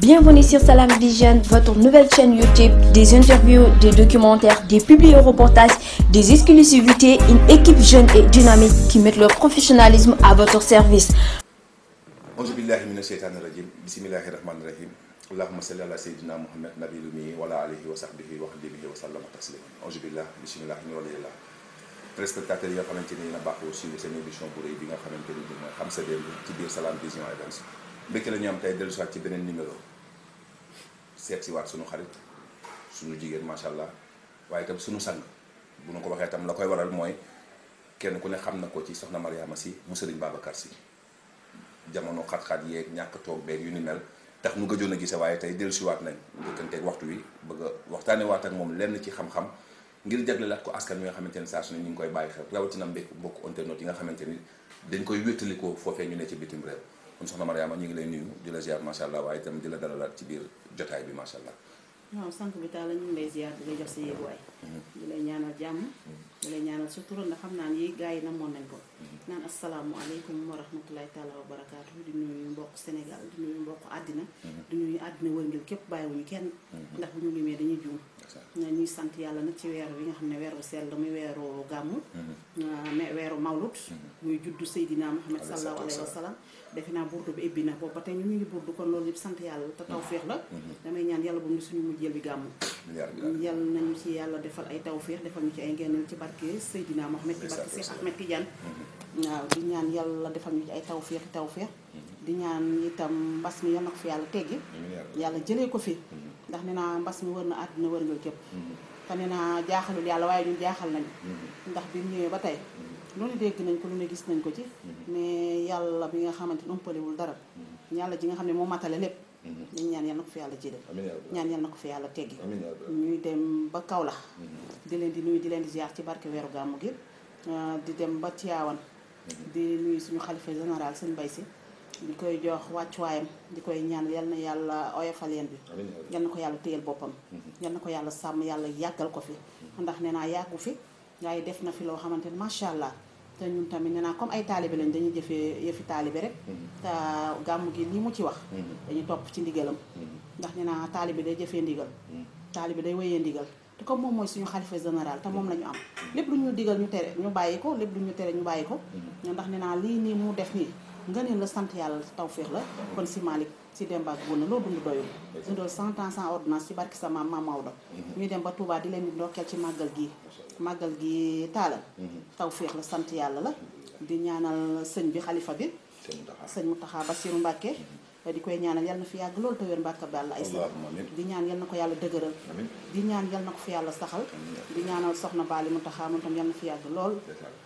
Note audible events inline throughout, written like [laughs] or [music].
Bienvenue sur Salam Vision, votre nouvelle chaîne YouTube, des interviews, des documentaires, des publi-reportages, des exclusivités, une équipe jeune et dynamique qui met leur professionnalisme à votre service. Auzu billahi mina shaytaani rajim, bismillahi rahmani rahim, allahumma salli ala sayyidina Muhammad nabi lumi wa ala alihi wa sahbihi wa xadimihi wa sallama tasliman. Auzu billahi bismillahi walillah. Téléspectateurs yi nga xamante ni yéen a baaxoo suivre xam sa démb ci biir Salam Vision Events mbégte la ci beneen numéro seet si waat suñu xarit suñu jigéen macha allah waaye itam suñu sang bu nu ko waxee itam la koy waral mooy kenn ku ne xam na ko ci soxna Mariama si mu sëriñ Babacar si jamono xat-xat yeeg ñàkk toog beeg yu ni mel tax nu gëjoon a gise waaye tey siwaat nañ njëkkanteeg waxtu wi bëgg a waxtaane waat ak moom lenn ci xam-xam ngir jagleelaat ko askan wi nga xamante ne saa su ne ñu ngi koy bàyyi xel rawatina mbékk mbokk internet yi nga xamante ni dañ koy wéttalikoo foofee ñu ne ci bitim réew kon soxna Mariama ñu ngi lay nuyu di la ziar macha allah waaye itam di la dalalaat ci biir jotaay bi macha allah. waaw sànq la ñu ngi lay ziar di lay jox sa yéeguwaay. Mm-hmm. jàmm. di lay ñaanal sutura ndax xam naa ni gars yi namoon nañ ko. Mm-hmm. naan asalaamualeykum wa rahmatulahi taala wa barakaatu di nuyu mbokk Sénégal di nuyu mbokk àddina. Mm-hmm. di nuyu àddina wërngël képp bàyyiwuñu kenn. ndax bu ñu limee dañuy juum. ñuy sant yàlla na ci weer wi nga xam ne weer weeru sell muy weeru gàmmu mais mm-hmm. ah, weeru mawlud mm-hmm. muy juddu Seydina Muhammad sallallahu alayhi wa sallam defe naa burdu bi ébbi na boobu ba ñu ngi burdu kon loolu yëpp sant yàlla te tawféex la mm-hmm. damay ñaan yàlla bu mu suñu mujjël bi gàmmu yàlla nañu ci yàlla defal ay tawféex defal ñu ci ay ngeenal ci barke Seydina Muhammad ci barke Cheikh Ahmed Tidiane waaw di ñaan yàlla defal ñu ci ay tawféex tawféex di ñaan itam mbas mi yal yàlla teggi ko fi ndax ne naa mbas mi wër na àdduna wër nga képp mhm. te nee naa jaaxalul yàlla waaye ñun jaaxal nañu mhm. ndax bi mu ñëwee ba tey mhm. lu dégg nañ ko lu ne gis nañ ko ci mais yàlla bi nga xamante ne umpalewul dara yàlla ji nga xam ne moo matale lépp dañ ñaan yal na ko fi yàlla jëlee ñaan yal na ko fi yàlla teggi ñuy dem ba kaw Kaolack di leen di nuyu di leen di ziar ci barke weeru gàmmu gi ah, di dem ba Tivaouane di nuyu suñu xalifa général sëñ Bay Si di koy jox wàccuwaayam di koy ñaan yal na yàlla oyofal leen bi yal na ko yàlla téyal boppam mm-hmm. yal na ko yàlla sàmm yàlla yàggal ko fi mm-hmm. ndax nee naa yàggu fi waaye def na fi loo xamante ne macha allah te ñun tamit nee naa comme ay taalibe lañ dañuy jëfee yëfi taalibe rek mm-hmm. te gàmm gi lii mu ci wax dañuy topp ci ndigalam ndax nee naa taalibe day jëfee ndigal taalibe day wéyee ndigal te comme moom mooy suñu xalifa général te moom la ñu am lépp lu ñu digal ñu tere ñu bàyyi ko lépp lu ñu tere ñu bàyyi ko ndax nee lii nii mu def nii nga neen la sant yàlla tawféex la kon si Malick si Demba ak na loo dund doyul dundal cent ans sans ordonnance ci barki sama maam Maodo mhm. ñuy dem ba Touba di leen di ndokkeel ci màggal gi màggal gi taalal mhm. tawféex la sant yàlla la di ñaanal sëñ bi xalifa bi sëñ Mountakha Bassirou Mbacké mhm. di koy ñaanal yal na fi yàgg loolu te wér mbàkk bi yàlla ay sa di ñaan yal na ko yàlla dëgëral di ñaan yal na ko fi yàlla saxal di ñaanal soxna Baali mu taxaa moom tam yal na fi yàgg lool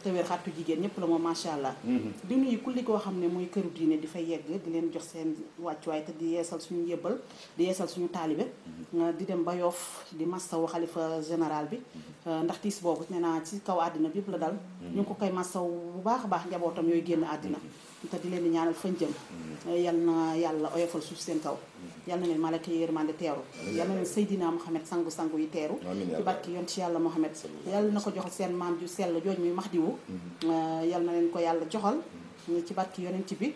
te wér xattu jigéen ñëpp la moom macha allah mm-hmm. di nuyu kulli koo xam ne mooy këru diine di fay yegg di leen jox seen wàccuwaay te di yeesal suñu yëbbal di yeesal suñu taalibe mm-hmm. ah, di dem ba Yoff di massawu xalifa général bi mm-hmm. ah, ndax tiis boobu nee naa ci kaw àddina bi yëpp la dal ñu ko koy massaw bu baax a baax njabootam yooyu génn àddina te di leen di ñaanal fañ jëm mm-hmm. yal na yàlla oyofal suuf seen kaw mm-hmm. yal na leen malaka yi yërmande teeru yal na leen Seydina Mohamed sangu-sangu yi teeru ci barke yoon ci yàlla Mohamed yàlla na ko joxal seen maam ju sell jooj muy max diwu mm-hmm. uh, yal na leen ko yàlla joxal ci barke yonent bi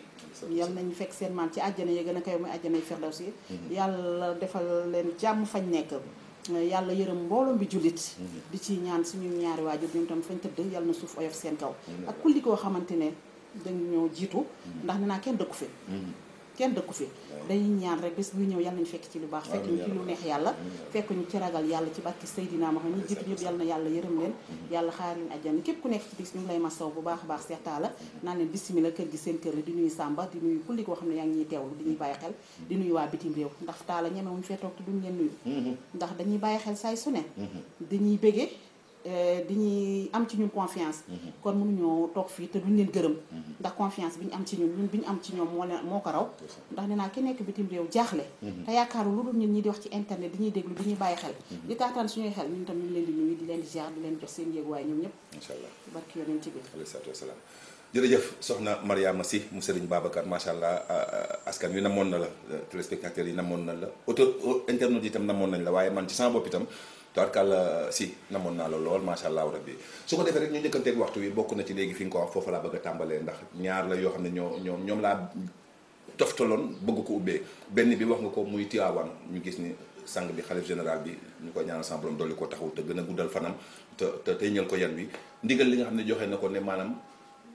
yal nañu fekk seen maam ci àjjana yi gën a kaw muy àjjana yi firdaws yi yàlla defal leen jàmm fañ nekk uh, yàlla yërëm mbooloom bi jullit di ci ñaan suñu ñaari waajur ñoom tam fañ tëdd yal na suuf oyof seen kaw ak kulli koo xamante ne dañu ñëw jiitu mm-hmm. ndax nee naa kenn dëkku fi mm-hmm. kenn dëkku fi dañuy ñaan rek bés bu ñëw yal nañu fekk ci lu baax fekk ñu ci mm-hmm. yàlla fekk ñu ci ragal yàlla ci barki Seydina Muhammad ñu jiitu ñëpp yal na yàlla yërëm leen yàlla xaar leen àjjana képp ku nekk ci bis ñu ngi lay masaw bu baax a baax Seex Taala naan leen bismillah kër gi seen kër la di nuyu Samba di nuyu kulli koo xam ne yaa ngi ñuy teewlu di ñuy bàyyi xel di nuyu waa bitim réew ndax Taala ñeme wuñu fee toog te duñu leen nuyu ndax dañuy bàyyi xel saay su ne dañuy bégee di eh, dañuy am ci ñun confiance mhm. kon mënuñoo toog fii te duñ leen gërëm mhm. ndax confiance bi ñu am ci ñun ñun bi ñu am ci ñoom moo moo ko raw ndax nee naa ki nekk bitim réew jaaxle mhm. te yaakaaru lu dul ñun ñi di wax ci internet di ñuy déglu di ñuy bàyyi xel di taataan suñuy xel ñun tam ñu ngi leen di nuyu di leen di jaar di leen jox seen yéeguwaay ñoom ñëpp incha allah barki yonent bi alayhi salaatu wasalaam jërëjëf soxna Mariama Sy mu Serigne Babacar macha askan wi namoon na la euh, téléspectateurs yi namoon na la auto euh, internet yi itam namoon nañ la waaye man ci sama bopp itam tubaarkàlla euh, si namoon naa la lool macha allah rabbi su ko defee rek ñu njëkkanteeg waxtu wi bokk na ci léegi fi nga ko wax foofu laa bëgg a tàmbalee ndax ñaar la yoo xam ne ñoo ñoom ñoom laa toftaloon bëgg ko ubbee benn bi wax nga ko muy Tiwaawan ñu gis ni sang bi xalif général bi ñu ko ñaanal sama borom dolli ko taxaw te gën a guddal fanam te te tey ñal ko yan wi ndigal li nga xam ne joxe na ko ne maanaam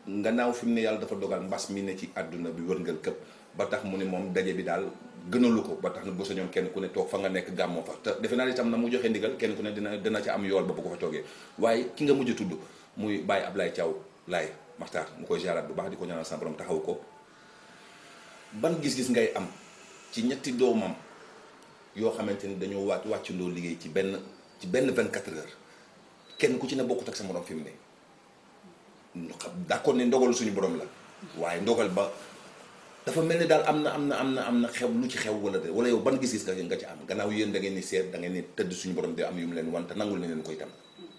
nga naaw fi mu ne yàlla dafa dogal mbas mi ne ci àdduna bi wërngal këpp ba tax mu ne moom daje bi daal gënalu ko ba tax na bu sañoon kenn ku ne toog fa nga nekk gàmmoo fa te defe naa itam na mu joxe ndigal kenn ku ne dina dina ci am yool ba bu ko fa toogee waaye ki nga mujj tudd muy Baye Ablaye Thiaw Laye Maxtaar mu koy jaaraat bu baax di ko ñaanal sa borom taxaw ko gis-gis ngay am ci ñetti doomam yoo xamante ni dañoo wàcc wàccandoo liggéey ci benn ci benn 24 heures kenn ku ci ne bokkut ak sa morom fi mu ne ñu xam d'accord ne ndogalu suñu borom la waaye ndogal ba. dafa mel ni daal am na am na am na xew lu ci xew wala de wala yow ban gis-gis nga nga ci am gannaaw yéen da ngeen ni seet da ngeen ni tëdd suñu borom de am yu mu leen wante nangul nañ leen koy tam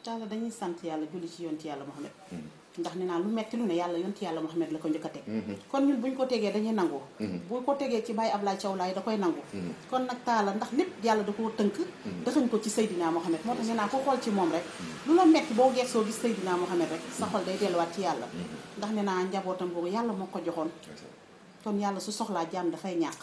taala dañuy sant yàlla julli ci yonti hmm. naa lu metti lu ne yàlla yonti yàlla Muhammad a teg xool ci moom rek hmm. lu la metti boo geesoo gis Seydina Muhammad rek sa hmm. xol day delluwaat ci yàlla ndax ne naa njabootam boobu yàlla moo ko joxoon kon yàlla su soxlaa jaam dafay ñàkk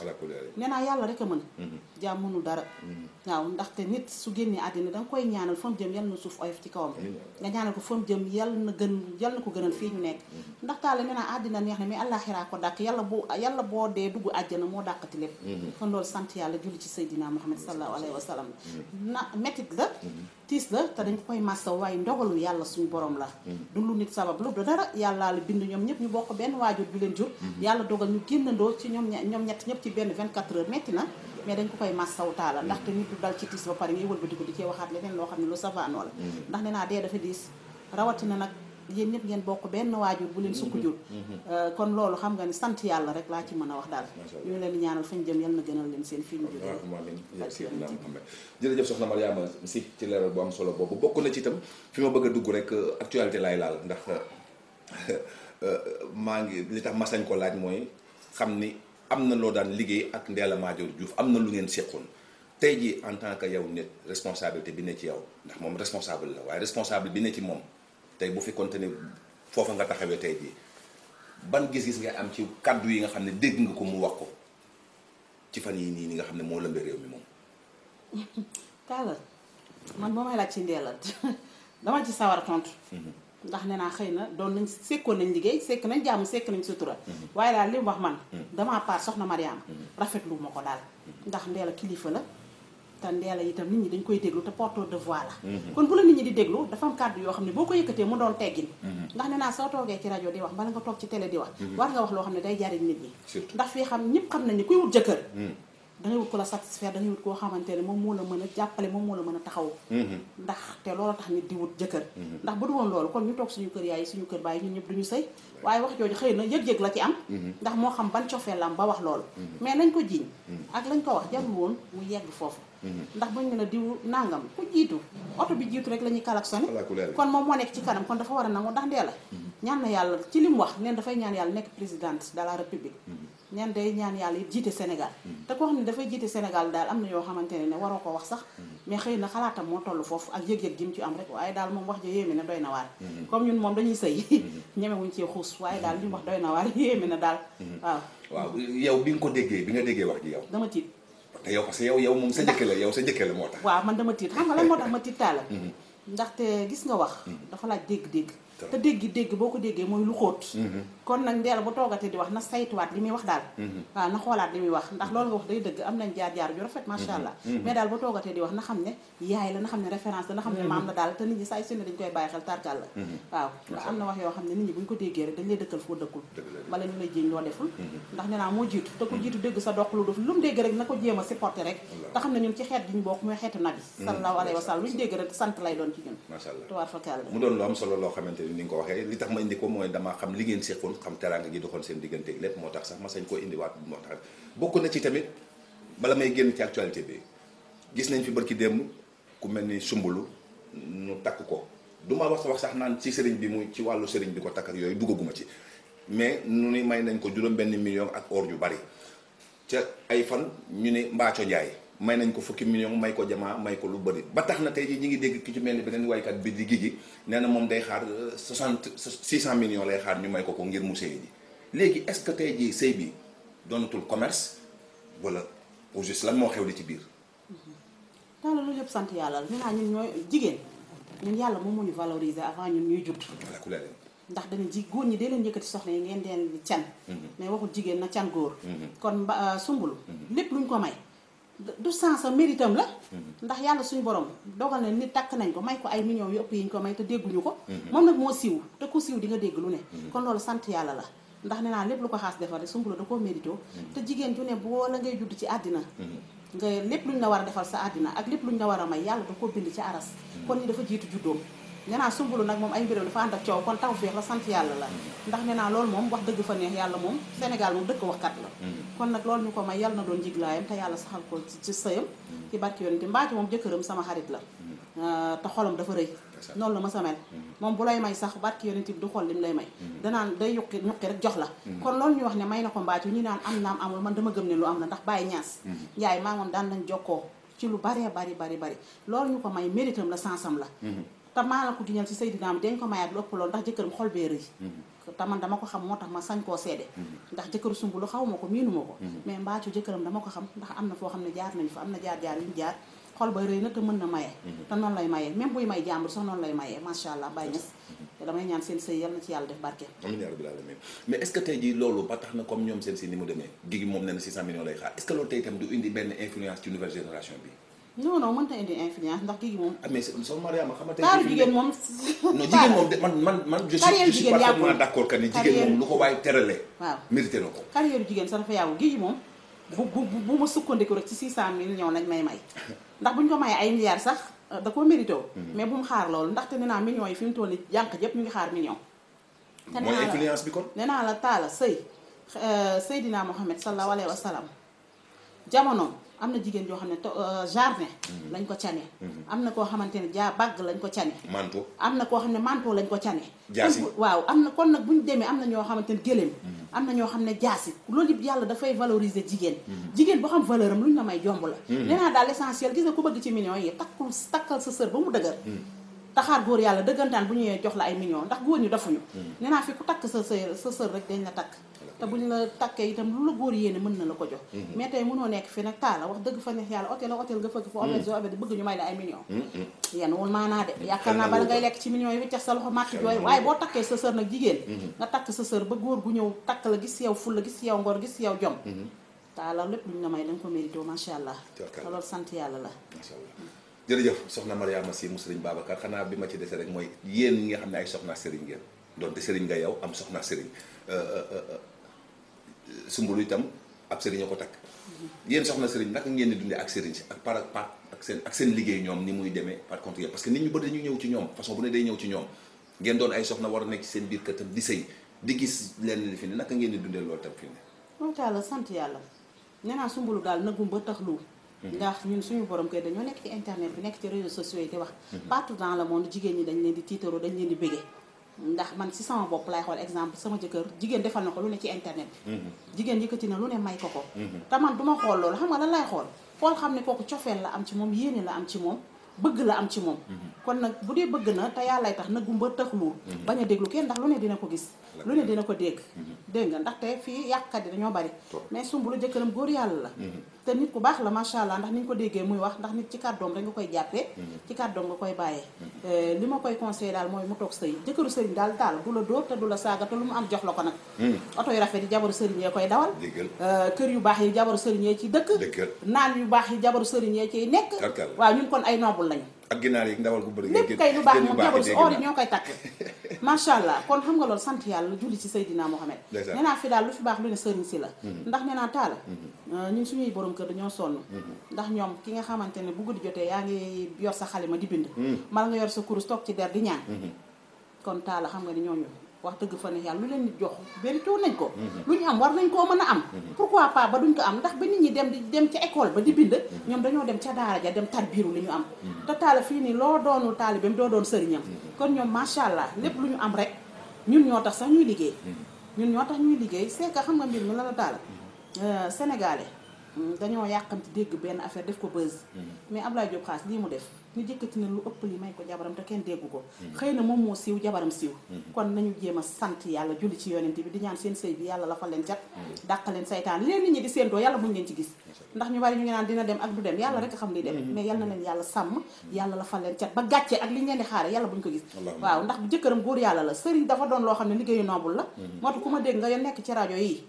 nee naa yàlla rek a mën mhm. jaam mënul dara mhm. waaw ndaxte nit su génnee àddina da nga koy ñaanal fa mu jëm yal na suuf oyof ci kawam nga ñaanal ko fa jëm yal na gën yal na ko gënal fii ñu nekk mhm. ndax taale nee naa àddina neex na mais àllaaxiraa ko dàq yàlla boo yàlla boo dee dugg àjjana moo dàqati lépp fan loolu sant yàlla julli ci Seydina Muhammad sallallahu alayhi wa sallam na métit la tiis la te dañ ko koy massa waaye ndogalu yàlla suñu borom la mm. du lu nit sabab lu dara yàllaa la bind ñoom ñëpp ñu bokk benn waajur bi leen jur mm-hmm. yàlla dogal ñu génnandoo ci ñoom ñett ñëpp ci benn 24 heures metti na mais dañ ko koy massaw taala ndaxte mm-hmm. nit du dal ci tiis ba pare ngay wëlbatiku di cee waxaat leneen loo xam ne lu savaanoo la mm-hmm. ndax nee naa dee dafa diis rawatina nag yéen ñëpp ngeen bokk benn waajur bu leen sukk jur mm-hmm. euh, kon loolu xam nga ni sant yàlla rek laa ci mën a wax daal ñu ngi leen ñaanal fañ jëm yal na gënal leen seen fii ñu jógee jërëjëf soxna Mariama si ci leeral bu am solo boobu bokk na ci itam fi ma bëgg a dugg rek euh, actualité laay laal ndax euh, [laughs] maa ngi li tax ma sañ ko laaj mooy xam ni am na loo daan liggéey ak Ndella Madior juuf am na lu ngeen seqoon tey jii en tant que yow nit responsabilité bi ne ci yow ndax moom responsable la waaye responsable bi ne ci moom tey bu fekkoonte ne foofa nga taxawee tey jii ban gis-gis nga am ci kàddu yi nga xam ne dégg nga ko mu wax ko ci fan yii nii ni nga xam ne moo lëmbee réew mi moom. [laughs] Talla man boo may laaj ci ndeelat [laughs] dama ci sawar a tontu. Mhm. ndax nee naa xëy na doon nañ sekkoon nañ liggéey sekk nañ jàmm sekk nañ sutura. Mhm. waaye daal li wax man. Mhm. damaa part soxna Mariama rafetlu ma ko daal. ndax ndeela kilifa la. te Ndella itam nit ñi dañ koy déglu te porteur de voix la mhm. kon bu la nit ñi di déglu dafa kàddu yoo xam ne boo ko yëkkatee mu doon teggin mhm. ndax ne naa soo toogee ci rajo di wax bala nga toog ci télé di wax mhm. war nga wax loo ne day jariñ nit ñi ndax fii xam ñëpp xam nañ ni kuy wut jëkkër dangay wut ko la satisfaire dangay wut koo xamante ne moom moo la mën a jàppale moom moo la mën a taxaw ndax te loolu tax nit di wut jëkkër ndax bu du woon loolu kon ñu toog suñu kër yaay suñu kër baay ñun ñëpp duñu sëy waaye wax jooju xëy na yëg-yëg la am ndax moo xam ban cofeel la am wax loolu mais lañ ko jiiñ ak lañ ko wax jarul woon mu yegg foofu Mhm. ndax bañ ne na diw nangam ku jiitu oto bi jiitu rek lañuy la ñuy klaxonné kon moom moo nekk ci kanam kon dafa war a nangu ndax ndee la mhm. ñaan yàlla ci li mu wax neen dafay ñaan yàlla nekk présidente de la république neen mhm. day ñaan yàlla it jiite Sénégal te koo xam ne dafay jiite daal am na yoo xamante ne ne waroo ko wax sax mais xëy na xalaatam moo toll foofu ak yëg-yëg gi ci am rek waaye daal moom wax ja yéeme na doy na waar comme ñun moom dañuy sëy [laughs] ñemewuñ ci xuus waaye daal wax doy na waar [laughs] yéeme na daal waaw waaw yow bi ko déggee bi nga déggee wax ji yow dama tiit te yow parce que yow yow moom sa jëkkër la yow sa jëkkër la moo tax waaw man dama tiit xam nga lan moo tax ma tiit taala [laughs] mhm. ndaxte gis nga wax mhm. dafa laaj dégg-dégg te dégg dégg boo ko déggee mooy lu xóot mhm. kon nag ndeel bu toogate di wax na saytuwaat li muy wax daal waaw mhm. ah, na xoolaat li muy wax ndax loolu nga wax day dëgg am nañ jaar-jaar ju rafet macha mhm. allah mhm. mais daal bu toogatee na xam ne yaay la na am na wax yoo xam ne mu a supporté rek te xam ne ñun ci wa sallam doon ci am solo loo xamante ni ni nga ko waxee li tax ma indi ko mooy dama xam li ngeen séqoon xam teraanga gi doxoon seen diggante lépp moo tax sax ma sañ koo indiwaat moo tax bokk na ci tamit bala may génn ci actualité bi gis nañ fi barki démb ku mel ni sumbulu ñu takk ko du ma wax wax sax naan ci sëriñ bi mu ci wàllu sëriñ bi ko takk ak yooyu duggaguma ci mais nu ni may nañ ko juróom benn million ak or yu bari ca ay fan ñu ni Mbaaco Njaay may nañ ko fukki million may ko jamaa may ko lu bëri ba tax na tey jii ñi ngi dégg ki ci mel ni beneen waykat bi di Guigui nee na moom day xaar euh, soixante six cent millions lay xaar ñu may ko ko ngir mu sëy ji léegi est-ce que tey jii sëy bi doonatul commerce wala au juste lan moo xew li ci biir mm-hmm. dans yëpp sant yàlla la nee jigéen ñun yàlla moom moo ñu valoriser avant ñun ñuy judd ndax dañu ji góor ñi dee leen yëkkati soxna yi ngeen deen can mm-hmm. mais waxul jigéen na can góor mm-hmm. kon mba euh, sumbul lépp luñ ko may du sens am mérite la. Mm-hmm. ndax yàlla suñu borom dogal na nit takk nañ ko may ko ay millions yu ëpp yi ñu ko may te dégguñu ko. Mm-hmm. moom nag moo siw te ku siiw di nga dégg lu ne. Mm-hmm. kon loolu sant yàlla la. ndax nee naa lépp lu ko xaas defal rek la da koo mérito te jigéen ju ne boo la ngay judd ci àddina. nga lépp luñ na war a defal sa àddina ak lépp luñ na war a may yàlla da koo bind ci aras. kon ni dafa jiitu juddoom. nee naa sumbulu nag moom ay mbiram dafa ànd ak coow kon taw la sant yàlla la ndax nee naa loolu moom wax dëgg fa neex yàlla moom Sénégal moom dëkk waxkat la mm-hmm. kon nag loolu ñu ko may yàlla na doon jiglaayam te yàlla saxal ko ci sëyam mm-hmm. ci barki yonente mbaa ci moom jëkkëram sama xarit la mm-hmm. euh, te xolam dafa rëy noonu la ma sa moom bu lay may sax barki yonent bi du xool lim lay may danaan day yuqi yuqi rek jox la kon loolu ñu wax ne may na ko mbaacu ñu naan am naam amul man dama gëm ne lu am la ndax bàyyi ñaas njaay maa moom daan nañ jokkoo ci lu baree bari bari bari loolu ñu ko may méritam la sansam la te maa la ko giñal si Seydina am dañ ko mayaat lu ëpp loolu ndax jëkkëram xol bee rëy mm-hmm. te dama ko xam moo tax ma sañ koo seede mm-hmm. ndax jëkkëru sumbulu xaw ma ko miinu ma ko mm-hmm. mais mbaacu jëkkëram dama ko xam ndax am na foo xam ne jaar nañ am na jaar-jaar yu ñu jaar xol ba rëy na te mën na maye te noonu lay maye même buy may mais est tey jii du indi benn influence ci nouvelle génération bi non non mënta indi influence ndax kii moom. ah mais soxna Mariama xamante ne. taaru jigéen moom. non jigéen moom de man man man. je suis jigéen moom lu ko waaye terale. waaw mérité na ko. carrière jigéen sax dafa yàggu gii moom bu bu bu ma sukkandiku rek ci 600000 ñëw nañ may may [laughs] ndax buñ ko mayee ay milliards sax euh, da koo mérité woo. Hmm. mais bu mu xaar loolu ndaxte nee naa millions yi fi mu toll nii jànq yëpp ñu ngi xaar millions. te mooy influence bi kon. nee naa la taala sëy euh, Seydina Mohamed sallallahu alayhi wa sallam am na jigéen joo xam ne to euh, jardin mm-hmm. lañ ko cane mm-hmm. am na koo xamante ne jaa bàgg lañ ko cane manto am na koo xam ne manto lañ ko cane jaasi waaw am na kon nag bu demee am na ñoo xamante ne gëléem mm-hmm. am na ñoo xam ne jaasi loolu yëpp yàlla dafay valoriser jigéen jigéen boo xam valeur lu ñu la may jomb la nee naa daal l'essentiel gis nga ku bëgg ci millions yi takkul takkal sa sër ba mu dëgër taxaar góor yàlla dëggantaan bu ñëwee jox la ay millions ndax góor ñu dafuñu nee naa fi ku takk sa sër sa rek dañ la takk te buñ la takkee itam lu la góor yéene mën na la ko jox mm-hmm. mais tey mënoo nekk fi nag taala wax dëgg fa neex yàlla hôtel hôtel nga fëgg fa omet zo abet bëgg ñu may la ay millions mm-hmm. yenn wul maanaa de yaakaar naa bala ngay lekk ci millions yi wiccax sa loxo màtt jooy waaye boo takkee sa sër nag jigéen mm-hmm. nga takk sa sër ba góor gu ñëw takk la gis yow ful la gis yow ngor may da ko mérité macha allah loolu sant yàlla la jërëjëf soxna Mariama Sy mu sëriñ Babacar xanaa bi ma ci dese rek mooy yéen ñi nga xam ne ay soxna sëriñ ngeen doonte sëriñ nga yow am soxna sëriñ sumbulu itam ab sëriñ a ko takk yéen soxna sëriñ naka ngeen dundee ak sëriñ si ak par ak seen ak seen liggéey ñoom ni muy demee par contre parce que nit ñu bëri dañu a nekk ci seen biir kër tam di sëy di mhm. suñu borom kay dañoo nekk ci internet bi nekk ci réseaux sociaux yi di wax mhm. partout dans le monde jigéen ñi dañ leen di tiitaroo dañ leen di bégee ndax man si sama bopp laay xool exemple sama jëkkër jigéen defal na ko lu ne ci internet bi mhm. jigéen yëkkati na lu ne may ko ko mhm. te man du ma xool loolu xam nga lan lay xool xool xam ne kooku cofeel la am ci moom yéene la am ci moom bëgg la am ci moom mhm. kon nag bu dee bëgg na te yàlla yàllay tax na gumba taxlu mhm. bañ a déglu kenn ndax lu ne dina ko gis lu ne dina ko dégg mhm. dégg nga ndaxte fii yàqkat yi dañoo bari mais sumbulu jëkkëram góor yàlla la te nit ku baax la macha allah ndax ni ko déggee muy wax ndax nit ci kàddoom rek nga koy jàppee ci kàddoom koy bàyyee euh, li daal mooy mu toog sëy jëkkëru sëriñ daal taal du la dóor te du la saaga te lu mu am jox la ko nag oto yu rafet yi jabaru sëriñ yee koy dawal euh, kër yu baax yi jabaru sëriñ yee ci dëkk naan yu baax yi jabaru sëriñ yee ciy nekk waaw ñun kon ay noble lañu. ak ginaar yi ndawal gu bëri. lépp kay lu baax moom tegul si or ñoo koy takk. [laughs] macha allah kon xam nga loolu sant yàlla julli ci Seydina Mohamed. nee naa fi daal lu fi baax lu ne sëriñ si la. Mhm. ndax nee naa taala. Mhm. Euh, ñun suñuy borom kër dañoo sonn. Mhm. ndax ñoom ki nga xamante ne bu guddi jotee yaa ngi yor sa xalima di bind. mal nga yor sa kurus toog ci der di ñaan. kon taala xam nga ni ñooñu wax dëgg fa ne yàlla lu leen nit jox béritoo nañ ko mhm. lu ñu am war nañ koo mën a am mhm. pourquoi pa ba duñ ko am ndax ba nit ñi dem di dem ca école ba di bind mhm. ñoom dañoo dem ca daara ja dem tarbiiru li ñu am te fii nii loo doonu doonul taalibeem doo doon sëriñam kon ñoom macha allah lépp lu ñu am rek ñun ñoo tax sax ñuy liggéey ñun ñoo tax ñuy liggéey c'est que xam nga mbir mi la la taala euh, sénégalais hmm, dañoo yàqamti dégg benn affaire def ko buzz mais Ablaye Diop Khass lii mu def ñu jëkkati na lu ëpp li may ko jabaram te kenn déggu ko mm-hmm. xëy na moom moo siiw jabaram siiw mm-hmm. kon nañu jéem sant yàlla julli ci yonent bi di ñaan seen sëy bi yàlla la fa leen cat mm-hmm. dàqa leen saytaan leen nit ñi di seen doo yàlla buñu leen ci gis ndax ñu bari ñu ngi naan dina dem ak du dem yàlla rek xam li dem mais yàlla leen yàlla sàmm yàlla la fa leen cat ba gàcce ak li ñu leen di xaare yàlla ko gis waaw ndax jëkkëram góor yàlla la sëriñ dafa yi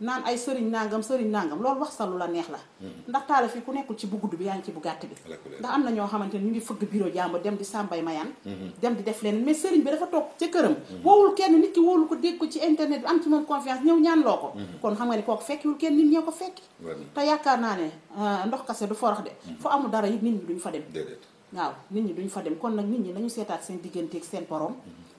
naan ay sëriñ nangam sëriñ nangam loolu wax sa la neex la mm-hmm. ndax taala fii ku nekkul ci bu gudd bi yaa ngi ci bu gàtt bi ndax am na ñoo xamante ne ñu ngi fëgg bureau jàmbur dem di sàmbay mayaan mm-hmm. dem di def leen mais sëriñ bi dafa toog ca këram mm-hmm. woowul kenn nit ki woolu ko dégg ko ci internet bi am ci moom ñëw ñaan loo ko kon xam nga ne kooku fekkiwul kenn nit ñee ko fekki te yaakaar naa ne euh, ndox kase du forox de fu amul dara it nit ñi duñ fa dem waaw nit ñi duñ fa dem kon nag nit ñi nañu seetaat seen digganteeg seen borom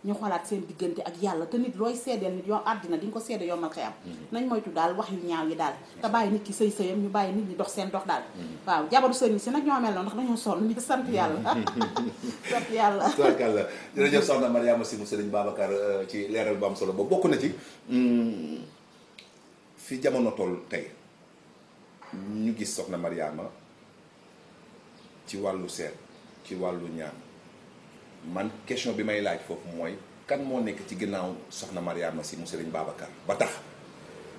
ñu xoolaat seen diggante ak yàlla te nit looy seedeel nit yoo àddina di ko seede yomal xëy am mhm. nañ moytu daal wax yu ñaaw yi daal te bàyyi nit ki sëy sëyam ñu bàyyi nit ñi dox seen dox daal mhm. waaw jabaru sëriñ si nag ñoo mel noonu ndax dañoo sonn sant yàlla [laughs] sant yàlla tubarkàlla jërëjëf soxna Mariama Si mu sëriñ Babacar euh, ci leeral bu am solo boobu bokk na ci mm, fi jamono toll tey ñu gis soxna Mariama ci wàllu seet ci wàllu ñaan man question bi may laaj foofu mooy kan moo nekk ci ginnaaw soxna Mariama Sy mu Serigne Babacar ba tax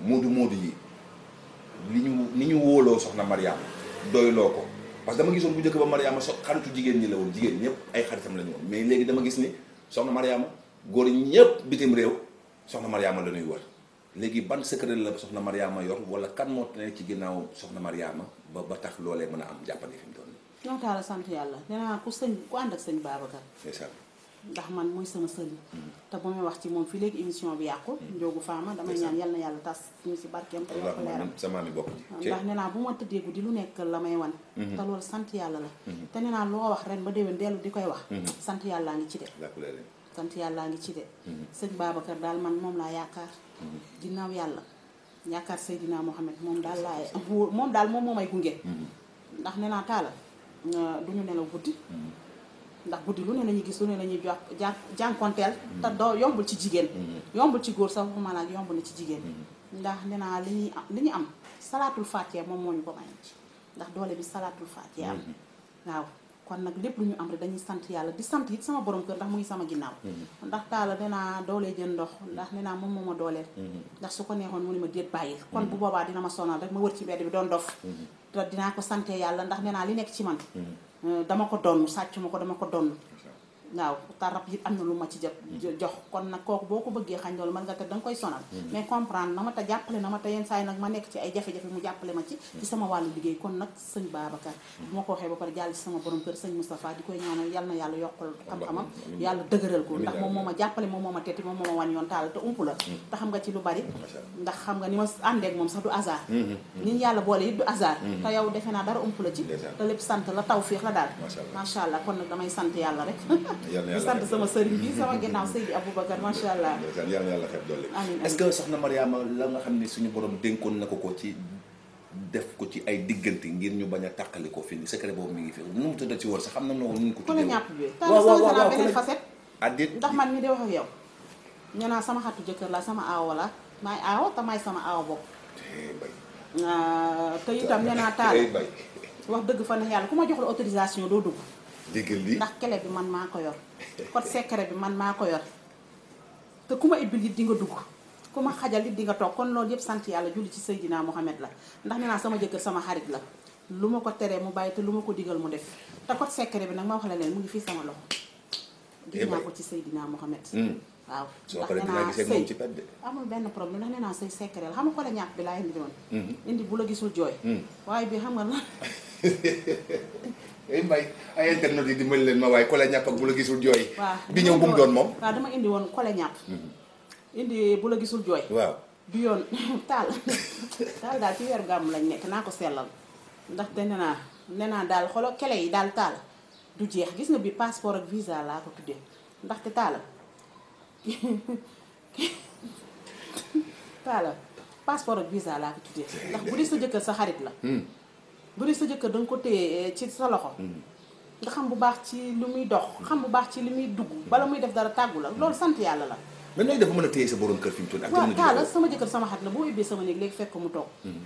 moodu moodu yi li ñu ni ñu wóoloo soxna Mariama doyloo ko parce que dama gisoon bu njëkk ba Mariama so xaritu jigéen ñi la woon jigéen ñëpp ay xaritam la ñu léegi dama gis ni soxna Mariama góor ñëpp bitim réew soxna Mariama la ñuy wër léegi ban secret la soxna Mariama yor wala kan moo nekk ci ginnaaw soxna Mariama ba ba tax loolee mën a am jàppandi fi mu toll ñoo taal sant yàlla nee naa ku sëñ ku ànd ak sëñ Babacar. ndax man mooy sama sëriñ. Mm-hmm. te bu may wax ci moom fii léegi émission bi yàqu. Mm-hmm. Ndiogu Fama damay ñaan yal na yàlla tas ñu si barkeem. te yokk leeram ndax naa bu ma tëddee guddi lu nekk la may wan. Mm-hmm. te loolu sant yàlla la. te naa loo wax ren ba déwén dellu di koy wax. sant yàllaa ngi ci de. sant yàllaa ngi ci de. sëñ Babacar daal man moom laa yaakaar. ginnaaw yàlla yaakaar Seydina Mohamed moom daal moom daal moom moo may gunge. ndax nee taala Euh, du ñu nelaw guddi mm-hmm. ndax guddi lu ne la ñuy gis lu ne la ñuy jàpp jànkonteel mm-hmm. te doo yombul ci jigéen mm-hmm. yombul ci góor sax waxuma la yombu na ci jigéen ndax nee naa li ñuy li ñu am salaatul faatiha moom moo ñu ko may ndax doole bi salaatul faatiha am waaw kon nag lépp lu ñu am rek dañuy sant yàlla di sant it sama borom kër ndax mu ngi sama ginnaaw ndax taala nee naa doolee jën ndox ndax nee naa moom moo ma dooleel ndax su ko neexoon mu ne ma déet bàyyil kon bu sonal rek ma wër ci mbedd bi doon dof te dinaa ko sante yàlla ndax nee naa li nekk ci man mm-hmm. euh, dama ko donn sàcc ma ko dama ko donn waaw ta rab yi am na lu ma ci mm-hmm. jox kon nag kooku boo ko bëggee xañ loolu ma nga te danga koy sonal mm-hmm. mais comprendre na ma te jàppale na ma te yenn saa yi nag ma jàppale ma ci ci sama wàllu liggéey kon nag sëñ Babacar bu mm-hmm. ma ko waxee sama borom kër sëñ Moustapha koy ñaanal yal na yàlla yokkal xam-xamam yàlla dëgëral ko ndax moom moo ma jàppale moom moo ma moo ma wan yoon taal te ump la te xam lu bari ndax xam nga ni ma àndeeg moom sax du yàlla boole it du hasard te yow defe naa dara ump la ci te lépp sant la tawfiix la daal macha allah kon nag damay sant yàlla rek [laughs] di sant sama sëriñ sama ginnaaw Seydi Aboubacar macha allah. [laughs] yàlla na yàlla xeeb dolli. amiin xam borom dénkoon na ko ko ci def ko ci ay diggante ngir ñu bañ a tàqali ko fi mu tuddal ci wóor sax xam na noonu nu ko tuddee. ku la ndax man mi di wax ak yow. ñu naan sama xatu jëkkër la sama aawo la maay aawo te maay sama aawo bopp. Eh, ah, te itam nee naa taal eh, wax dëgg fa ne yàlla ku ma jox la autorisation doo dugg déggal lii ndax kele bi man maa ko yor code secret bi man maa ko yor te ku ma ibbil yi di nga dugg ku ma xajal it di nga toog kon loolu yëpp sant yàlla julli ci Seydina Mohamed la ndax nee naa sama jëkkër sama xarit la lu ma ko teree mu bàyyi te lu ma ko digal mu def te code secret bi nag ma wax la leen mu ngi fii sama loxo. gis naa ko ci Seydina Mohamed. Hmm. waaw ndax nee naa sëy amul benn problème ndax nee naa sëy secret la xam nga xoolee ñàkk bi laa indi woon. Hmm. indi gisul jooy. Hmm. waaye bi xam nga la. [laughs] Eh, ay may ay internet yi dimbali leen ma waaye kole ñàpp ak bu la gisul jooy bi ñëw bu doon moom waaw dama indi woon kole ñàpp mhm. indi bu la gisul jooy waaw bi yoon [laughs] taal taal daal ci weeru gàmm lañ nekk naa ko sellal ndax te nee naa nee naa daal xolo kele yi daal taal du jeex gis nga bi passeport ak visa laa ko tuddee ndaxte taalal [laughs] taalal passeport ak visa laa ko tuddee ndax bu dee sa jëkkër sa xarit la hmm. bu dee sa jëkkër da ko téye eh, ci sa loxo. Mm. nga xam bu baax ci lu muy dox xam bu baax ci li muy dugg mm. bala muy def dara tàggu la loolu sant yàlla la. mais nooy def mën a téye sa borom kër fi mu toll ak jamono sama jëkkër sama xat la boo ubbee sama néeg léegi fekk mu toog. Mm.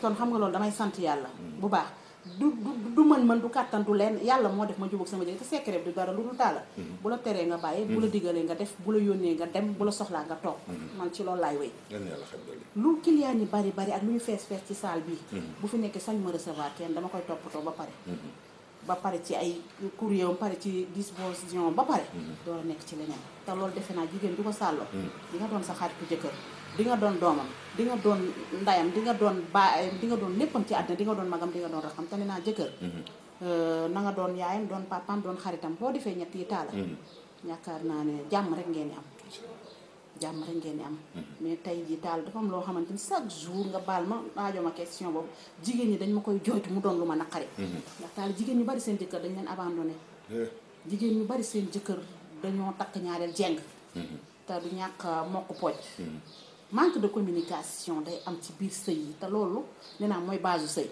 kon xam nga loolu damay sant yàlla bu baax. du du mën-mën du kàttan du leen yàlla moo def ma jubóog sama jëkkër te secret bi du dara lu dul taala mhm. bu la teree nga bàyyi bu la mhm. digalee nga def bu la yónnee nga dem bu la soxlaa nga toog mhm. man ci loolu laay wéy lu client yi bari bari ak lu ñu fees fees ci salle bii bu fi nekk sañ ma recevoir kenn dama koy toppatoo ba pare ba pare ci ay courrier am pare ci disposition ba pare mhm. door a nekk ci leneen te loolu defe naa jigéen du ko sàlloo mhm. di nga doon sa xaritu jëkkër di nga doon doomam di nga doon ndayam dinga doon baa di nga doon léppam ci àddina di nga doon magam di doon raxam te ne naa jëkkër mhm. euh, na nga doon yaayam doon papaam doon xaritam boo defee ñett yi taala yaakaar naa ne jàmm rek ngeen am jàmm rek ngeen am. mais tey jii daal dafa loo xamante ni chaque jour nga baal ma aajo ma question boobu jigéen ñi dañ ma koy jooytu mu doon lu ma naqari. Mm-hmm. ndax taal jigéen ñu bari seen jëkkër dañ leen abandonné. Eh. jigéen ñu bari seen jëkkër dañoo takk ñaareel jeng. Mm-hmm. te du ñàkk euh, mokk mm-hmm. de communication day am ci biir sëy yi te loolu nee naa mooy base sëy.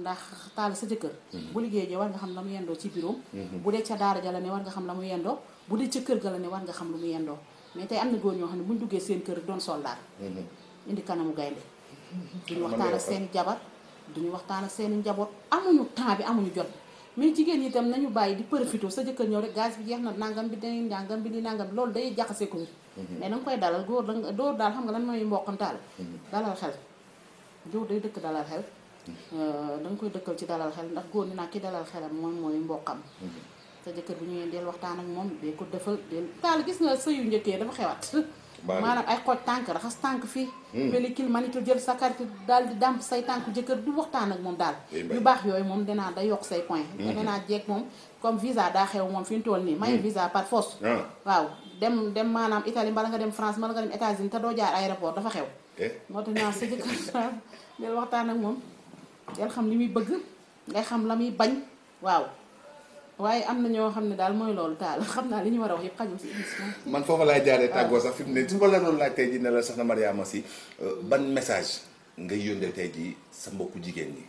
ndax taal sa jëkkër. bu liggéey jee war nga xam la mu yendoo ci bureau bu dee ca daara ja ne war nga xam la mu yendoo bu dee ca kër ga la ne war nga xam lu mu yendoo mais tey am na góor ñoo xam ne buñ duggee seen kër doon soldaar mm-hmm. indi kanamu gaynde [laughs] duñu waxtaan ak seen jabar duñu waxtaan ak seen njaboot amuñu temps bi amuñu jot mais jigéen ñi itam nañu bàyyi di profité sa jëkkër ñëw rek gaz bi jeex na nangam bi dañuy nangam bi ni nangam bi loolu day jaxase ko mm-hmm. mais da koy dalal góor da dóor daal xam nga lan mooy mboqantaal mm-hmm. dalal xel góor day dëkk dalal xel euh, da nga koy dëkkal ci dalal xel ndax góor ni naa ki dalal xelam moom mooy mboqam sa jëkkër bu ñëwee del waxtaan ak moom dee ko defal del taal gis nga sëyu njëkkee dafa xewaat maanaam ay xooj tànk raxas tànk fii hmm. pellicule manitu jël sa carte daal di dàmp say tànk jëkkër du yu baax yooyu moom da yokk say point hmm. danaa jeeg moom comme visa daa xew moom fi mu toll nii may hmm. visa par force ah. waaw dem eh? [laughs] waxtaan ak moom del xam li muy bëgg ngay xam la muy bañ waaw waaye am na ñoo xam ne daal mooy loolu taal [laughs] xam naa li ñu war a wax yëpp xajul si man foofa laay jaaree ah. tàggoo sax fi mu ne su ma la doon laaj tey jii ne la soxna si euh, ban message ngay yónnee tey jii sa mbokku jigéen ñi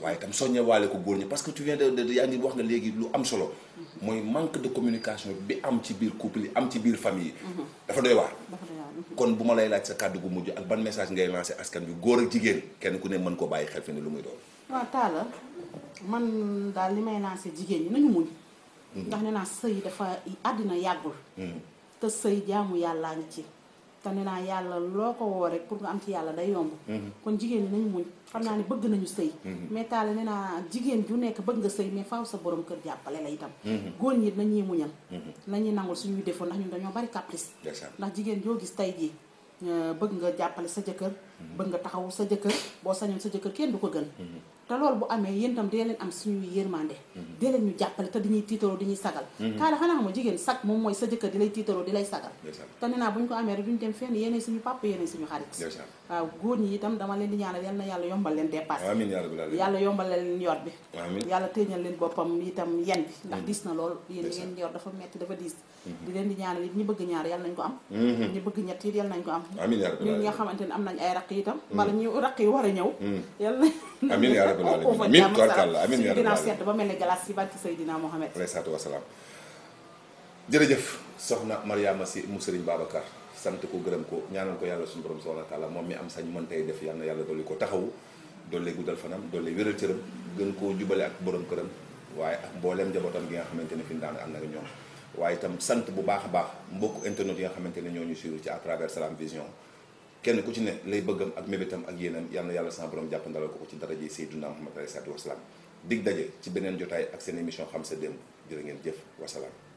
waaye itam soññewaale ko góor ñi parce que tu viens de yaa ngi wax nga léegi lu am solo mhm. mooy manque de communication bi am ci biir couple yi am ci biir famille yi mhm. dafa doy waar mhm. kon bu ma lay laaj sa kàddu gu mujj ak ban message ngay lancé askan bi góor ak jigéen kenn ku ne mën koo bàyyi xel ne lu muy doon waaw taala man daal li may naa see jigéen ñi nañu muñ mm-hmm. ndax ne naa sëy dafa àddina yàggul mm-hmm. te sëy jaamu yàllaa ngi ci te ne naa yàlla loo ko woo rek pour nga am ci yàlla day yomb mm-hmm. kon jigéen ñi nañu muñ xam naa ni bëgg nañu sëy mais taale naa jigéen ju nekk bëgg nga sëy mais faw sa borom kër jàppale la itam góor ñi nañuy muñal nañuy nangul suñuy defoo ndax ñu dañoo bari caprice ndax jigéen joo gis tey jii euh, bëgg nga jàppale sa jëkkër bëgg taxaw sa jëkkër boo sañoon sa jëkkër kenn du ko gën te lool bu amee yéen itam dee leen am suñuy yërmande mhm. dee leen ñu jàppale te diñuy tiitaroo diñuy sagal kaala mhm. xanaa xam nga jigéen sag moom mooy sa jëkkër di lay tiitaroo di lay sagal te nee naa bu ñu ko amee rek ñu dem fenn yéenay suñu papa yéenay suñu xarit waaw góor ñi itam dama leen di ñaanal yal na yàlla yombal leen dépassé yàlla yombal leen yor bi yàlla téeñal leen boppam itam yen bi ndax mhm. diis na lool yéen ngeen yor dafa metti dafa diis Mhm. di leen di ñaan it ñi bëgg ñaar yal nañ ko am mhm. ñi bëgg ñett it yal nañ ko am amiin ñun ñi xamante ne am nañ ay raq itam wala mhm. ñu raq yi war a ñëw yal na [laughs] amiin yaa rabbal aalamiin amiin tabarkalla amiin yaa rabbal aalamiin dinaa ne galaas ci barke Seydina Mohamed alayhi salaatu wasalaam jërëjëf soxna Mariama Sy mu Sëriñ Babacar ko gërëm ko ñaanal ko yàlla suñu borom subhanahu wa taala moom mi am sañ mën tey def yal na yàlla dolli ko taxawu dolli guddal fanam dolli wéral cëram gën koo jubale ak borom këram waaye ak mbooleem njabootam gi nga xamante ne fi daan ànd ak ñoom waaye itam sant bu baax a baax mbokk internet yi nga xamante ne ñoo ñu suivre ci à travers Vision kenn ku ci ne lay bëggam ak mébétam ak yéenam yal na yàlla sama borom jàpp ndalal ko ko ci daraje Seydina Muhammad alayhi salaatu wasalaam dig daje ci beneen jotaay ak seen émission xam sa démb jërë ngeen jëf wasalaam